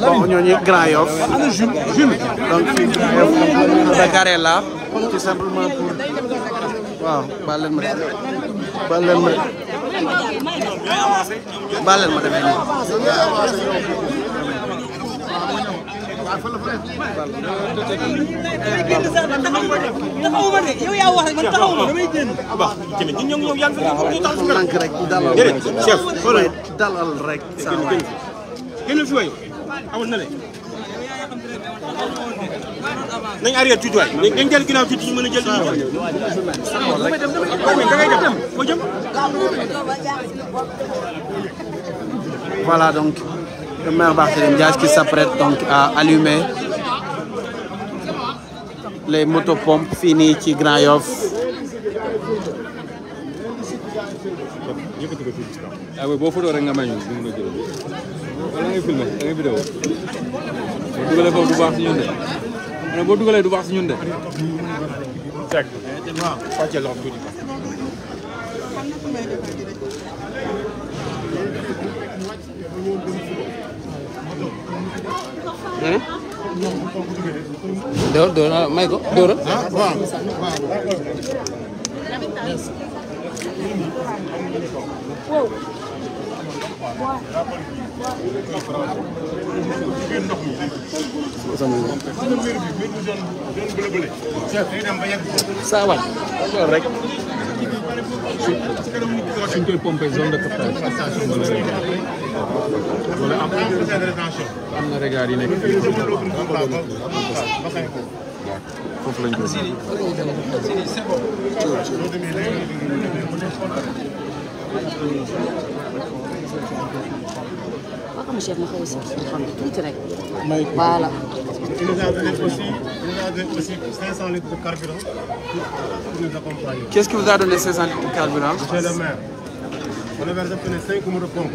bon ñooñu Grand Yoff. donc fii Grand Yoff Dakar la tout simplement pour waaw baal leen ma baal leen ma baal leen ma demee nii. waaw. waaw. waaw. génn fi waay awoon na le nañ arrière tuuti waay nañ jël ginnaaw tuuti ñu mën a jël dañu waay ko jëm voilà donc le maire Barthélémy Dias qui s'apprête donc à allumer les motopompes fii nii ci Grand Yoff ah oui boo foto rek nga may ñu ngay filmé da ngay vidéo boo dugalee foofu du baax si ñun de ma ne boo dugalee du baax si ñun de. teg waaw fàccee loxo tuuti. door door na ah, may ko dooral. Ah, waaw waaw. saa waay loolu rek. suñ koy pompé zone de captage. wala am am na regard yi nekk foofu lañ koy def. waaw xam nga chef ma xaw a si xam tuuti rek. voilà. il nous a donné aussi il nous a donné aussi 500 litres de carburant pour nous accompagner. qu'est-ce qui vous a donné 500 litres de carburant. monsieur le maire. on a versé 5 motopompes.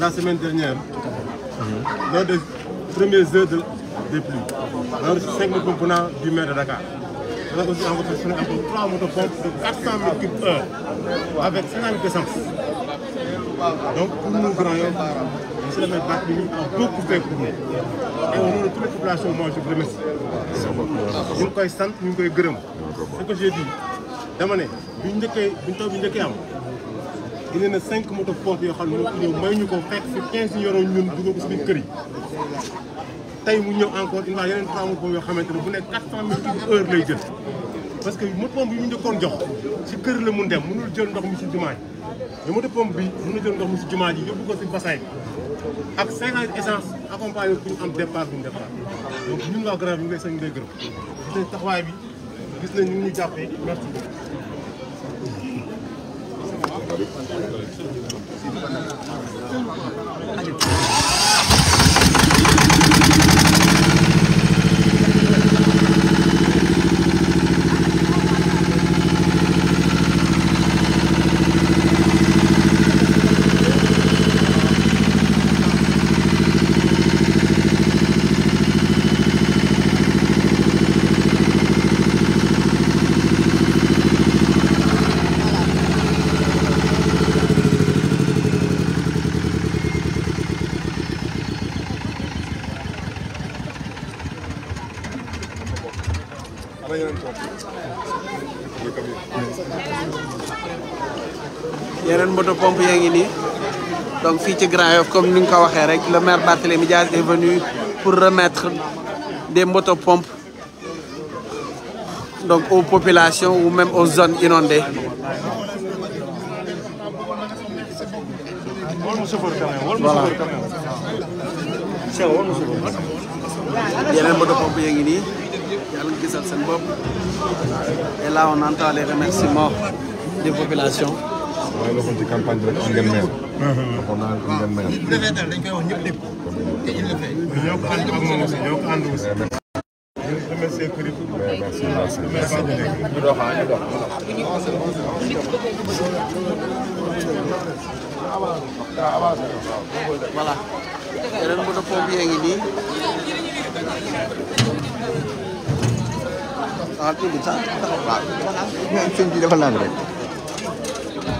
la semaine dernière. Mhm. lors des premiers heures de pluie. alors 5 motopompes du maire de Dakar. reconduit en votre personnel encore Donc pour nous, Grand Yoff, monsieur le maire Barthélémy a beaucoup fait pour nous. koy sant ñu ngi koy gërëm. ce que j'ai dit dama ne bi ñu njëkkee bi ñu taw bi njëkkee am dina ne cinq motopompes yoo xam ne ñoo ñëw may ñu ko fekk si 15 yoro ñun dugg ko si kër yi. tey mu ñëw encore une fois yeneen trois mots boobu yoo xamante ne bu nekk quatre cent mille heure lay jël parce que moto pompe bi ñu njëkkoon jox ci kër la mun dem mënul jël ndox mi si jumaa ji mais moto pompe bi mën na jël ndox mi si jumaa ji yóbbu ko si bassin ak cinquante essence accompagné pour ñu am départ bu ñu départ donc ñun waa Grand Yoff ñu ngi lay sañ lay gërëm te taxawaay bi gis nañ ñu ngi ñu jàppee merci beaucoup auto yaa ngi nii donc fii ci Grand Yoff comme ni nga ko waxee rek le maire Barthélémy Dias est venu pour remettre des motopompes donc aux populations ou même aux zones inondées. voilà yeneen motopompes seen bopp et là on les remerciements des populations. mooy waxoon ci campagne bi rek am ngeen meel. Uh-huh. waxoon naa am ngeen meel. bu defee daal dañ koy wax ñëpp dégg ko. te il le fait. ñoo ko ànd ak moom aussi ñoo ko ànd aussi. merci merci merci. ñu dox ah ñu dox. voilà. yeneen moto pompe yaa ngi nii. ah tuuti sax taxaw waaw. sëñ bi dafa naan rek.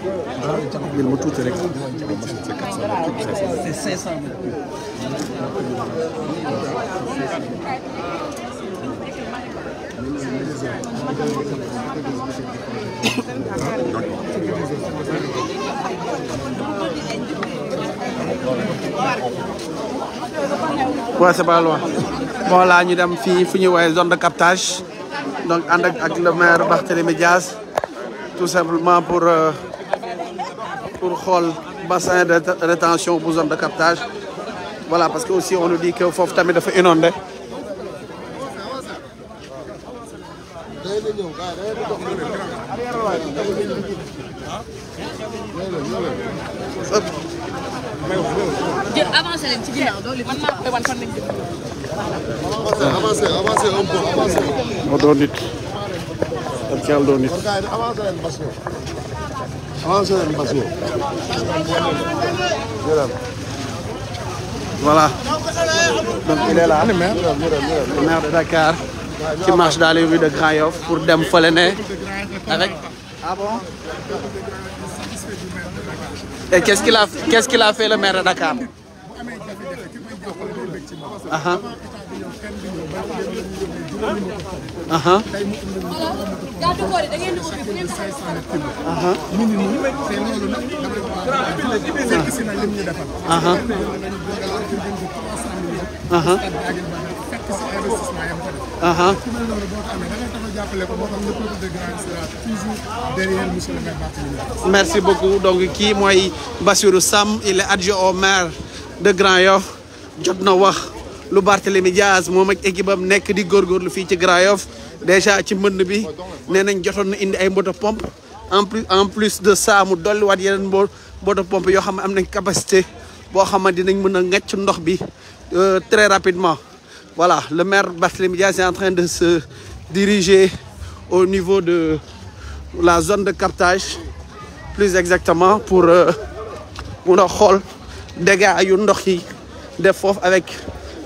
ah jàpp ngeen ma tuuti rek. c'est 500 mille. waaw c'est pas loin moo laa ñu dem fii fu ñuy woowee zone de captage donc ànd ak ak le maire Barthélémy Dias tout simplement pour. Euh, pour xool bassin de rétention bu zone de captage voilà parce que aussi on nous dit que foofu tamit dafa inondé jël avancé leen ci ginnaaw doole man maa koy wan fan lañ jëm. avancé avancé un peu avancé. moo doon nit. ak yàlla doon nit. avancé leen Bas yow. voilà donc il est là maire de Dakar ci marche dans les rues de Grand Yoff pour dem fële ne avec ah bon. et qu'est-ce qu'il a qu'est-ce qu'il a fait le maire de Dakar. Uh-huh. aha aha aha aha merci beaucoup donc kii mooy Bassirou Sam il est au maire de Grand Yoff jot na wax lu Barthélemy Diaz moom a équipe am nekk di góorgóorlu fii ci Grand Yoff déjà ci mbënd bi nee nañ jotoon na indi ay moto pompe en plus en plus de ça mu dolliwaat yeneen mbo moto pompe yoo xam ne am nañ capacité boo xam ne dinañ mën a ngàcc ndox bi euh, très rapidement. voilà le maire Barthélemy Diaz est en train de se diriger au niveau de la zone de captage plus exactement pour euh, mun xool dégâts yu ndox yi def foofu avec.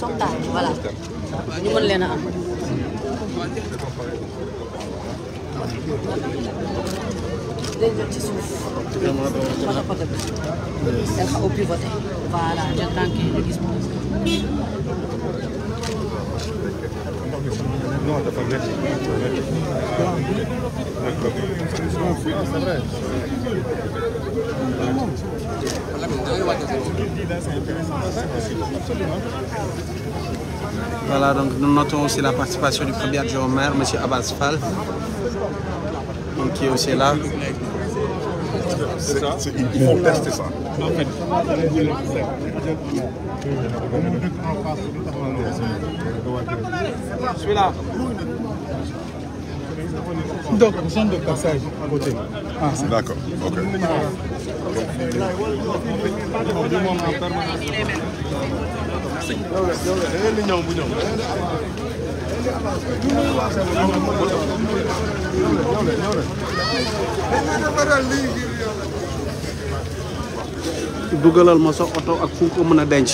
sondage voilà ñu mën leen a am. day jot ci suuf. wala côté bi. day xaw a pivoté. voilà jël tànk yi ñu gis moom. non dafa métti métti Voilà, donc nous notons la participation du premier adjoint au maire, M. Abbas Fall, donc qui est aussi là. C'est ça Ils vont tester ça. En fait, Donc, nous sommes de passage côté. Ah, D'accord, ok. dugalal ma sa oto ak fu ko mën a denc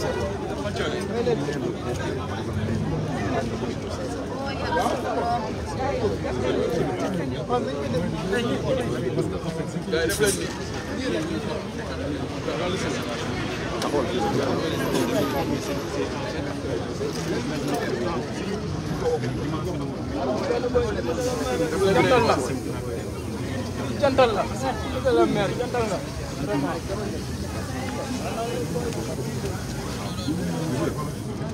jantal la jantal la maire jantal la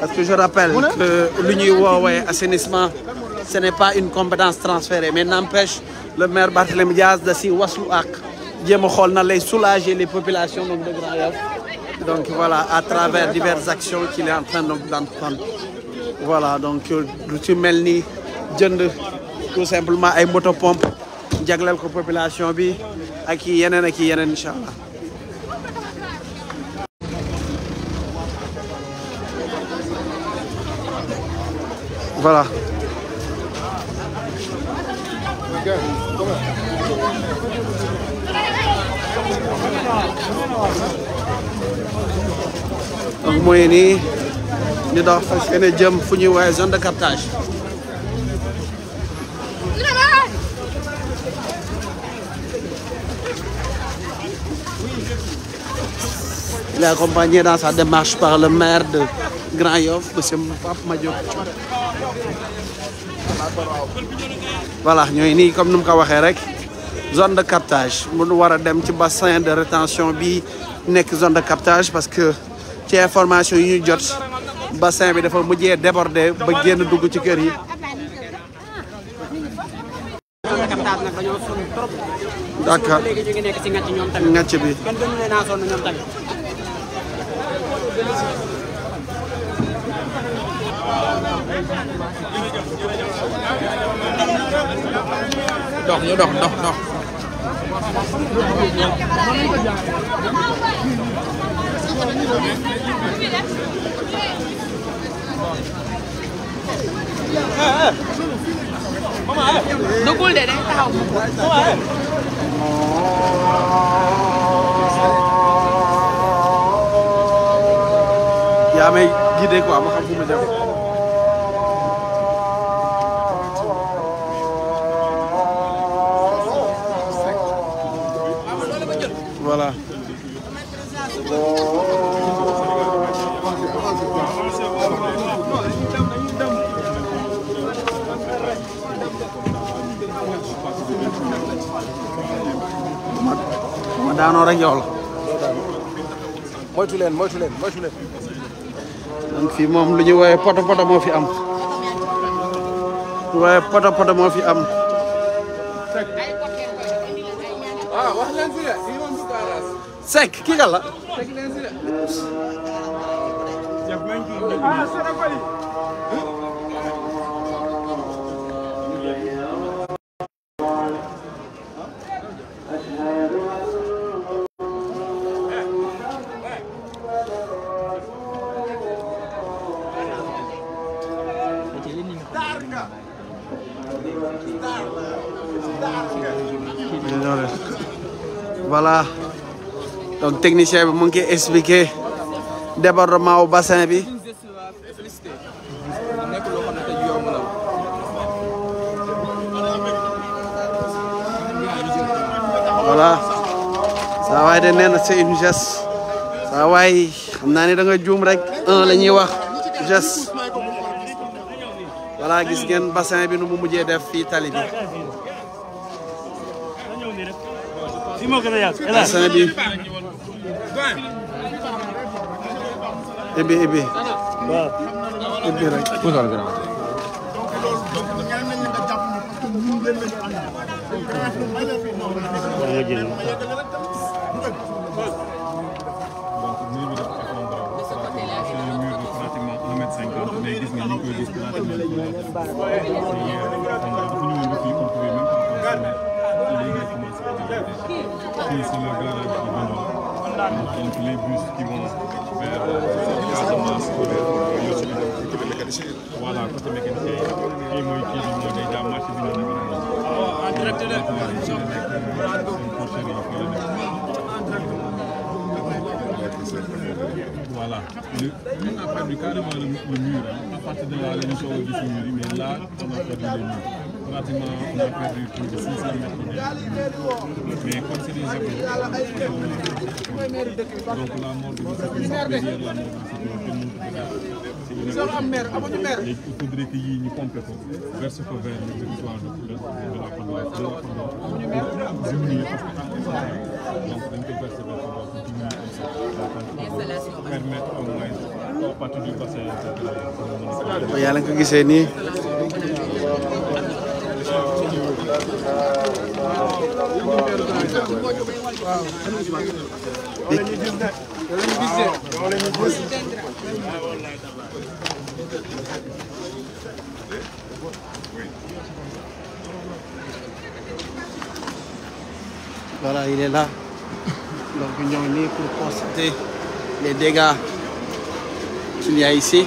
parce que je rappelle que lu ñuy woowee assainissement ce n'est pas une compétence transférée mais n'empêche le maire Barthélémy Diaz da si waslu ak jéem a xool na lay soulager les populations donc de Grand Yoff donc voilà à travers diverses actions qu'il est en train donc d'entreprendre voilà donc euh, lu ci mel ni jënd tout simplement ay moto pompe jagleel ko population bi ak i yeneen ak i yeneen incha allah Voilà. donc mooy nii ñu dox fas yéene jëm fu ñuy woowee zone de captage. Il est accompagné dans sa démarche par le maire de. Grand Yoff monsieur Pape Madiop voilà ñooy nii comme nu mu ko waxee rek zone de captage mu war a dem ci bassin de rétention bi nekk zone de captage parce que ci information yi ñu jot bassin bi dafa mujjee débordé ba génn dugg ci kër yi. d'accord ngàcc bi. dox ñu dox dox dox dugul de day taxaw yaa may guidé quoi ma xam fu ma jëm ma daanoo rek yow la. moytu leen moytu moom lu ñu woowee poto poto moo fi am. waaye poto moo fi am. Seck kii kan la. voilà donc technicien bi mu ngi koy expliqué débordement wu bassin bi. voilà saa waay de nee na c'est une xam naa ni da nga juum rek un la ñuy wax geste voilà gis ngeen bassin bi nu mu mujjee def fii tali bi. ibi ibi waaw ibi rek puusal gën a Qui est sur le garage qui vont, les bus qui vont Casamance yor suñu côté mécanicien voilà côté mécanicien yi kii mooy kii bi mooy déjà marché bi ñu nekk en direct de voilà le on a perdu carrément le mur à partir de là la ñu soog a gis mur yi mais là on a perdu le mur pratiquement on a perdu plus de 600 mètres. Mais comme c'est des jeunes, donc la mort de Moussa derrière la mort de Moussa il faudrait qu'ils pompent vers ce la Pandora. Pour Voilà, il est là. Donc on est pour constater les dégâts qu'il y a ici.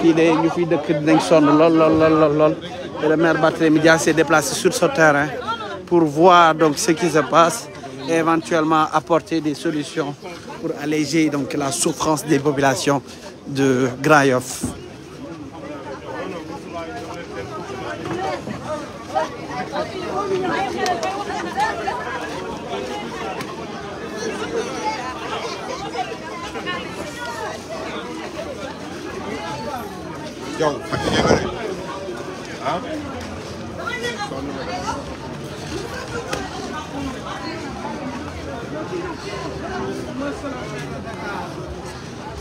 fii de ñu fiy dëkk dinañ sonn lool lool lool lool le maire Barthélémy Dias s'est déplacé sur ce terrain pour voir donc ce qui se passe et éventuellement apporter des solutions pour alléger donc la souffrance des populations de Grand Yoff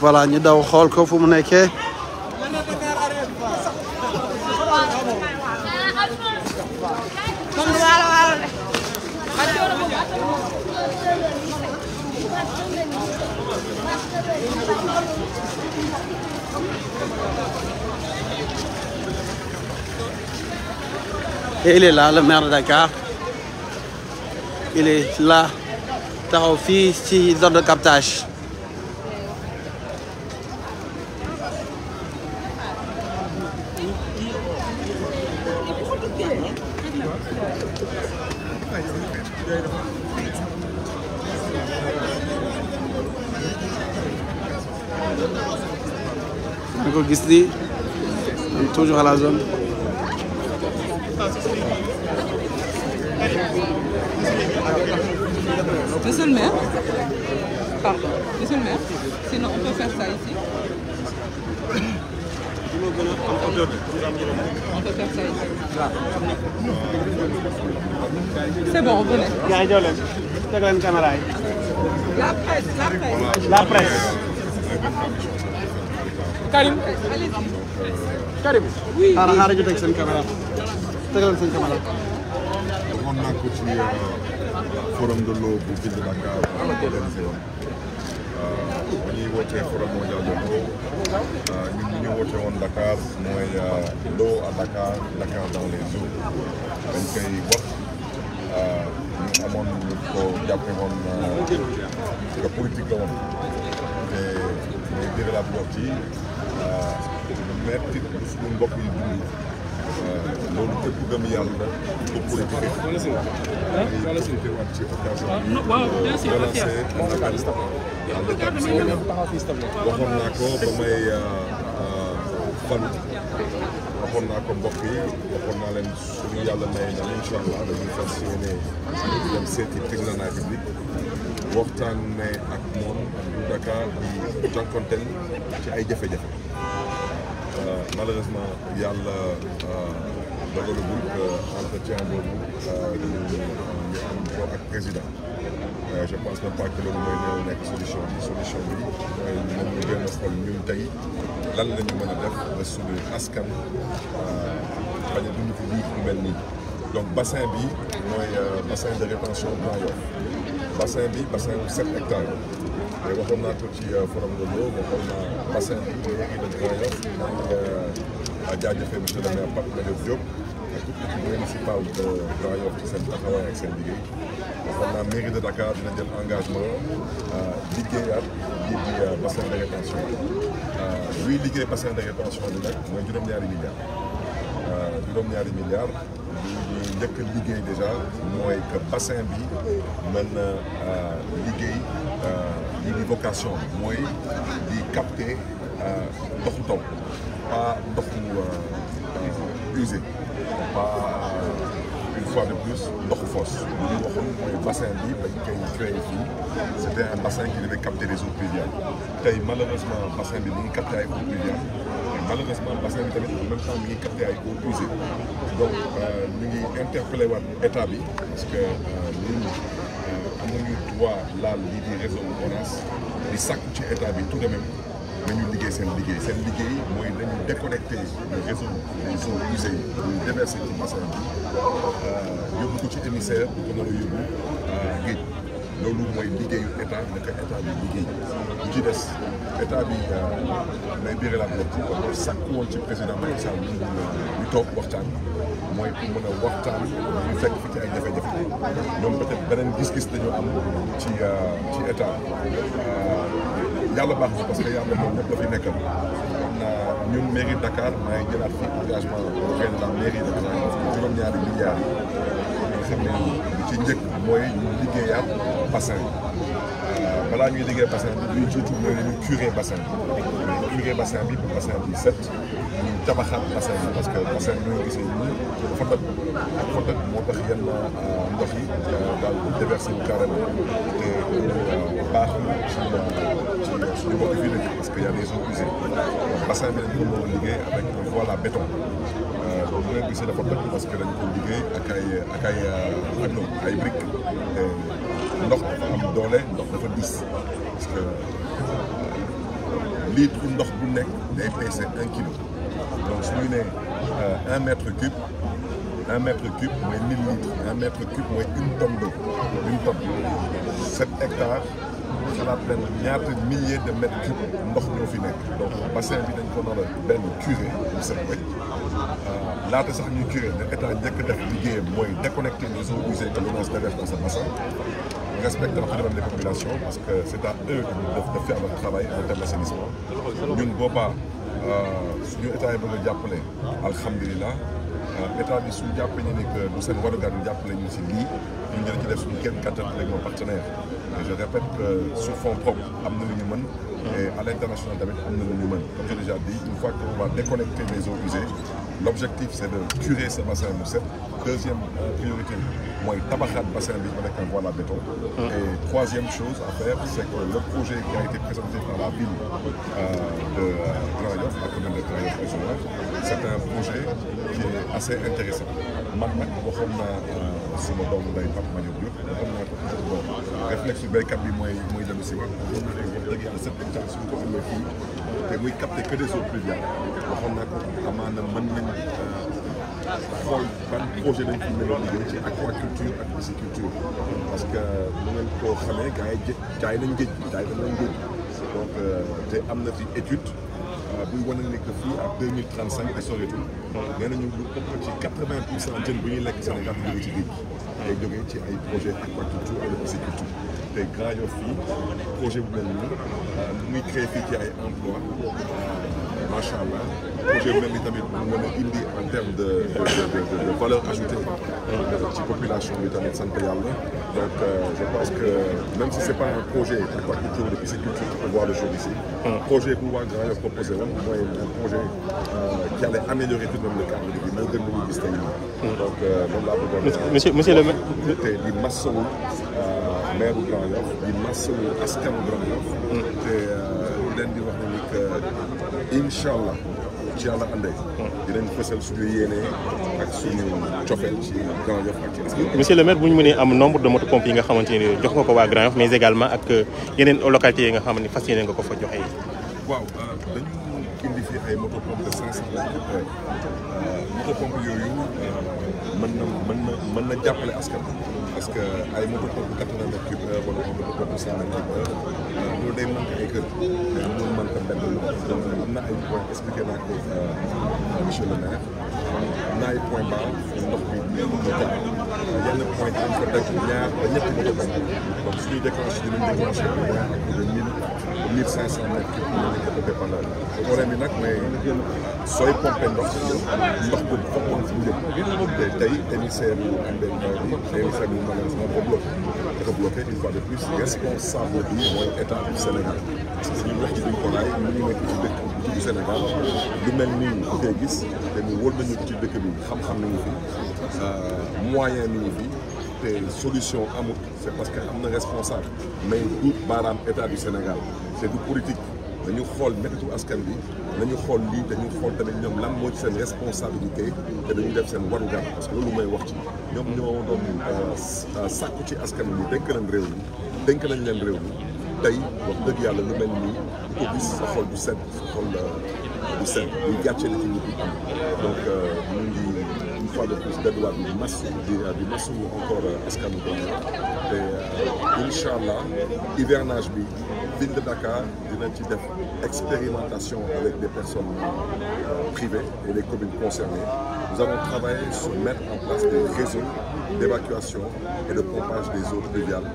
voilà ñu daw xool ko fu mu nekkee Et il est là, le maire de Dakar. Il est là, taxaw fii ci zone de captage. nga ko gis ni toujours à la zone. Monsieur le maire, pardon, monsieur le maire, sinon on peut faire ça ici. On peut faire ça ici. C'est bon, venez. La presse, la presse. La presse. Karim. Karim. Oui. Xaaral xaaral ñu teg seen caméra. Tegalal seen caméra. waxoon naa ko ci euh, forum de l'eau bu de Dakar ah, organisé woon euh, bu ñuy wootee de l'eau euh, ñun ñu ñu woote woon Dakar mooy l'eau à Dakar Dakar dans les eaux dañ koy amoon lu ko jàppe woon que la woon te muy dëgg laa bu wax ci metti suñu mbokk loolu képp gëm yàlla pour politique. wala si waat ci occasion bi. Ah, waaw bien sûr waxoon naa ko ba may euh, euh, fan. waxoon naa ko mbokk yi waxoon naa leen suñu yàlla may na incha allah dañuy fas yéene dem seeti tribunal bi waxtaan ne ak moom Dakar di jànkonteel ci ay jafe-jafe. Euh, malheureusement yàlla euh, dogalagul euh, entretien boobu ñu am ko ak président je pense que pas que loolu mooy néew nekk solution bi solution bi moom ñu gën a xool ñun tey lan la ñu mën a def ba suñu askan bañ a dund fi biir lu mel nii donc bassin bi mooy bassin de rétention Grand Yoff bassin bi bassin bu 7 hectares te waxoon naa ko ci euh, forum de l'eau waxoon naa bassin bi dañ koy yor maa ngi jaajëfee monsieur le maire Pape Malick Diop ak toute l'équipe municipale de Grand Yoff ci seen taxawaay ak seen liggéey waxoon naa mairie de Dakar dina jël engagement euh, liggéeyaat lii di euh, bassin de rétention luy liggéey bassin de rétention bi nag mooy juróom-ñaari milliards juróom-ñaari milliards njëkk liggéey déjà mooy que bassin bi me na euh, liggéey euh, lii di vocation mooy di capter euh, ndoxu taw pas ndoxu usé pas une fois de plus ndoxu fosse li ñu mooy bassin bi bañ koy créé fii c'était un bassin qui devait capter les eaux pluviales tey malheureusement bassin bi mi ngi capter ay eaux malheureusement bassin bi tamit en même temps mi ngi capté ay eaux usées donc ñu euh, ngi interpellé waat état bi parce que euh, ñun euh, amuñu droit laal lii di réseau ONAS di sàkku ci état bi tout de même nañu liggéey seen liggéey seen liggéey mooy nañu déconnecté le réseau des eaux usées yi ñu déversé ci bassin bi yóbbu ko ci émissaire bu ko nar a yóbbu loolu mooy liggéeyu état a état bi liggéey bu ci des état bi lay biiree la bopp kon sàkk woon ci président Macky Sall ñu ñu toog waxtaan mooy pour mën a waxtaan ñu fekk fi ci ay jafe-jafe ñoom peut-être beneen gis-gis dañoo am ci euh, ci état euh, yàlla baax na parce que yàlla moom ñëpp dafay nekkal xam naa ñun mairie Dakar maay jëlaat fi engagement xëy na la mairie Dakar juróom-ñaari milliards yi nga ci njëkk mooy ñu liggéeyaat bassin yi euh, balaa liggéey bassin bi ñuy jiitu mooy ñu curé bassin bi curé bassin bi pour bassin bi set bi parce que bassin bi ñoo gisee nii dafa tëj dafa tëj moo tax yenn euh, ndox yi euh, daal déversé que y a des eaux usées bassin la a liggéey avec un béton. bu ngeen gisee dafa toj parce que dañ ko liggéey ak ay ak ay euh, ak ndox dafa am doole ndox dafa dis parce que euh, litre ndox bu nekk day peese un kilo donc su ñu nee euh, un mètre cube un mètre cube mooy mille litres un mètre cube mooy une tonne d'eau une tonne sept hectares xalaat leen ñaata milliers de mètres cubes ndox ñoo fi nekk donc bassin bi dañ ko nar benn curé bu set wecc laata sax ñu curé ne mooy déconnecter les eaux usées que l'ONAS dégage sa bassin respecter le minimum des populations parce que c'est à eux de, de faire leur travail en termes d'assainissement ñun euh, a jàppale euh, bi suñu jàppee ñu ne que lu seen warugar ñu jàppale ñu si lii ñu njëriñ ci def suñu kenn kattan avec nos partenaires et je répète que sur fonds propres am na lu ñu mën et à l'international tamit am na lu L'objectif, c'est de curer ce bassin de set. Deuxième priorité, moi, tabacat bassin avec un voile béton. Et troisième chose à faire, c'est que le projet qui a été présenté par la ville euh, de euh, Grand-Yoff, commune de grand c'est un projet qui est assez intéressant. Maintenant, euh, su ma doomu day Pape Maño Diop xam naa ko bon réflexe béykat bi mooy mooy dellu si waat wax dëgg yàlla cette émission su ñu ko amee fii te muy capté que des eaux pluviales waxoon naa ko amaana mën nañ euh, xool ban projet lañ fi mën a liggéey ci aquaculture ak pisciculture parce que mu ngeen koo xamee gars yi jaay nañ géej jaay nañ géej donc euh, te am na fi étude euh, buy wane ni que fii ak deux mille trente cinq ay soreetul nee nañu lu ëpp ci quatre vingt pour cent jën bu ñuy lekk Sénégal jógee ci géej day jógee ci ay projet aquaculture ak pisciculture te Grand Yoff fii projet bu mel nii lu euh, muy créé fii ci ay emploi euh, macha allah projet bu mel nii tamit mën a indi en terme de de valeur ajoutée euh, ci population bi tamit sant yàlla donc je pense que même si c'est pas un projet d'aquaculture ou de pisciculture qui peut voir le jour ici ah. projet bu waa Grand Yoff proposé woon mooy un projet qui allait améliorer tout de même le cadre de vie moo gën lu ñu gis tey donc loolu laa bëggoon monsieur monsieur le maire te di masawu maire bu Grand Yoff di masawu askanu Grand Yoff mm. te euh, leen di wax ne ni que incha allah ci yàlla àndee. Mm. dinañ ci Grand Yoff ak ci askan monsieur le maire bu ñu mënee am nombre de motopompes yi nga xamante ne jox ko ko waa Grand Yoff mais également ak euh, yeneen localités yi nga xam ne fas yéene nga ko fa joxe. waaw man euh, indi na jàppale askan parce que ay moto pompe quatre-vingt-neuf cube heure wala ay moto pompe cent cube heure euh, loolu day manqué ay kër day euh, mun manqué benn donc euh, am na ay point expliqué naa ko monsieur le maire am na ay point bas ndox bi ñu jàpp yenn point yi dañ ko daj ñaar ba ñetti moto pompe donc suñuy déclenché dinañ déclenché ñaar ak de mille mille cinq cent mètres cube bi nag mooy sooy pompé ndox ndox bu foog moom fu jëm te tey émissaire bu am benn ndaw bi émissaire bu malheureusement ko bloqué dafa de plus responsable bi mooy état du Sénégal parce que suñu wax ci duñ ko laay mu nekk ci dëkk du Sénégal lu mel nii ñu koy gis te mu wóor nañu ci dëkk bi xam-xam nañu ñu fi euh, moyen ni ñu fi te solution amut c'est parce que am na responsable mais du baaraam état du Sénégal c'est du politique dañu xool métti askan bi nañu xool lii dañu xool te tamit ñoom lan moo ci seen responsabilité te dañu def seen warugar parce que loolu may wax ci ñoom ñoo doon euh, euh, sàkku ci askan bi dénk nañ réew yi dénk nañ leen réew mi tey wax dëgg yàlla lu mel nii ko gis sa xool du set sa xool euh, du set du gàcce la ci nit ñi am donc ñu ngi fois de plus delluwaat di mass euh, encore euh, askanu Bambey te euh, incha allah hivernage bi ville de Dakar dina ci def expérimentation avec des personnes privées et les communes concernées nous allons travailler sur mettre en place des réseaux d'évacuation et de pompage des eaux pluviales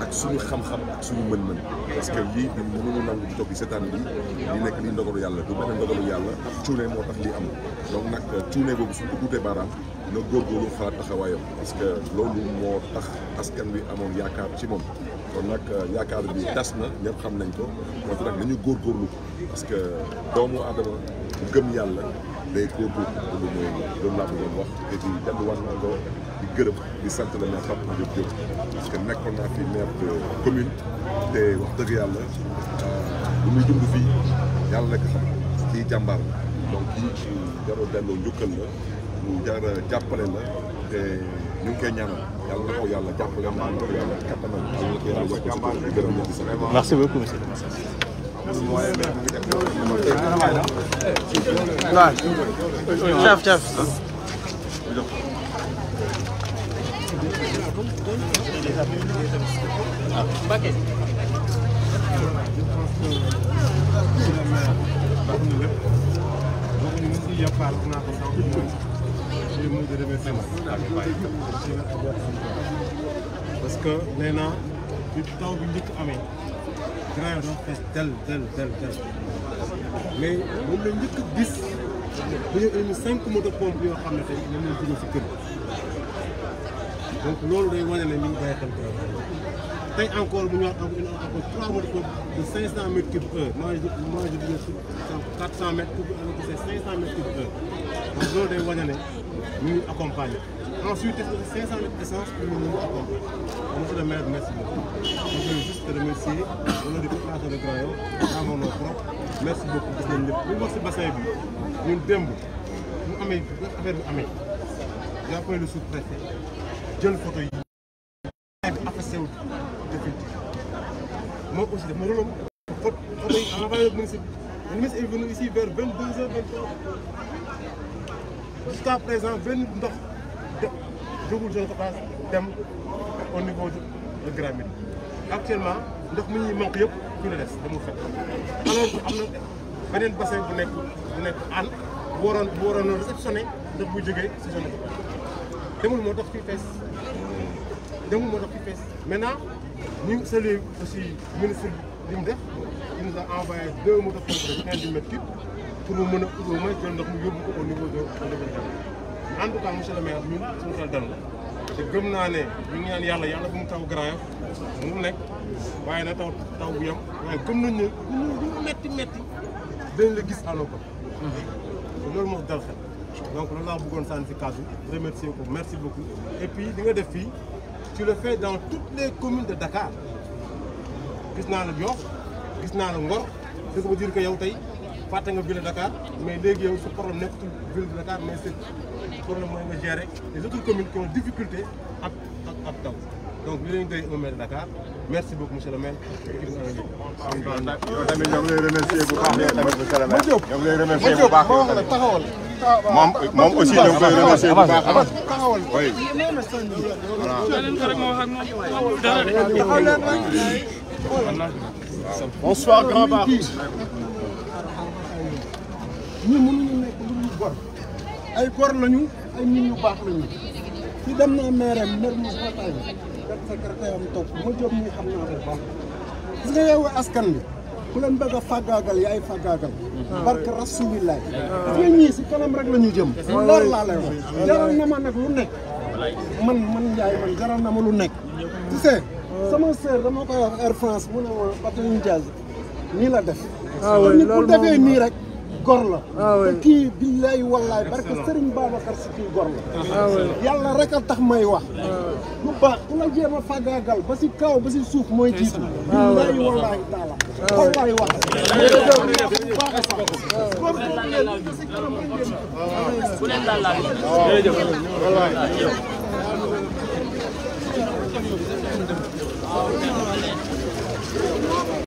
ak suñu xam-xam ak suñu mën-mën parce que lii bi mënuñu nangu di toog yi seetaan lii li nekk li ndogalu yàlla du benn ndogalu yàlla cuune moo tax lii am donc nag cuune boobu suñu ko guutee baaraam na góorgóorlu xalaat taxawaayam parce que loolu moo tax askan wi amoon yaakaar ci moom kon nag euh, yaakaar bi tas na ñëpp xam nañ ko wante nag nañu góorgóorlu parce que doomu aadama bu gëm yàlla day góorgóorlu loolu mooy loolu laa bëggoon wax et di gërëm di sant la maire Pape Diop Diop parce que nekkoon naa fi maire de commune te wax dëgg yàlla lu muy dund fii yàlla rek xam kii jàmbaar la donc kii jaroo njukkal la mu jar jàppale la te ñu koy ñaanal yàlla na ko yàlla jàppale na ko yàlla kattanal yàlla ko yàlla jàmbaar di gërëm di sant merci beaucoup monsieur Caaf caaf parce que nee naa bi taw bi njëkk amee grand dafa fees del del del del mais moom la njëkk gis dañoo indi cinq moto pompe yoo xam ne tey ñoom ñoo jóge si kër donc loolu day wane ne ñu ngi bàyyi xel tey encore bu ñu wax encore trois mois de cinq cent mètres cube heure moi je moi je dis quatre cent mètres cube heure c'est cinq cent mètres cube heure donc loolu day wane ne ñu ngi accompagner ensuite cinq cent mètres essence pour ñu mën a accompagner monsieur le maire merci beaucoup je voulais juste te remercier au nom du population de Grand Yoff dans mon nom propre merci beaucoup gis nañ lépp ñu wax si bassin bi ñun démb mu amee affaire bi amee jàppale le sous-préfet jël photo yi affaire wu moom aussi daf ma rëloon. photo photo yi en avant ministre le ministre ndox de jógul niveau de Gramine actuellement ndox mi yëpp ñu la des damu fekk alors que am bu nekk bu nekk ànd bu waroon bu waroon réceptionné ndox bu jógee si zone moo tax fii fees demul moo tax fi fees maintenant ñu ngi salué si ministre bi li mu def il nous a envoyé deux motos pompes de quinze mètres cubes pour mu mën a au moins jël ndox mu yóbbu ko au niveau de au niveau en tout cas monsieur le maire ñun suñu gëm naa ne ñu yàlla yàlla bu mu taw Grand Yoff mu mu nekk waaye na taw taw bu yem waaye gëm nañ metti metti dañ la gis àll ko loolu moo dal xel loolu laa bëggoon sànni si kàddu remercier ko merci beaucoup et puis li nga def fii tu le fais dans toutes les communes de Dakar gis naa la Diof gis naa la Ngor ce qui veut dire que yow tey fàtte nga ville de Dakar mais léegi yow sa problème nekkatul ville de Dakar mais c'est problème mooy nga gérer les autres communes qui ont difficulté ak ak ak donc li leen doy un de Dakar merci beaucoup monsieur le maire. yow tamit ñoo ngi lay remercier bu baax. yow tamit monsieur le maire ñoo ngi lay remercier bu baax. moom moom aussi da nga koy remercier bu baax a baax. oui voilà. bonsoir grand baax. ñun mënuñu nekk lu ñu gor. ay gor lañu ay nit ñu baax lañu. fi dem naa maire mer mu xataay. def sa kër tey am topp ma jot muy xam naa ko baax. gis nga yow askan bi. ku leen bëgg a fàggaagal yaay fàggaagal ah. barke rasulilaay te ñii si kanam rek la ñu jëm ah. loolu laa lay wax na ma nag lu nekk man man Njaay man jaral na ma lu nekk tu sais ah. sama sœur dama koy wax Air France mu ne ma ni Dias nii la def ah oui ku defee nii rek gor la ah te kii billaay wallaay barke sëriñ Babacar si kii gor la ah yàlla rek a tax may wax ah lu baax ku la jéem a fagaagal ba si kaw ba si suuf mooy jiitu billaay wallaay taala wallaay wax baax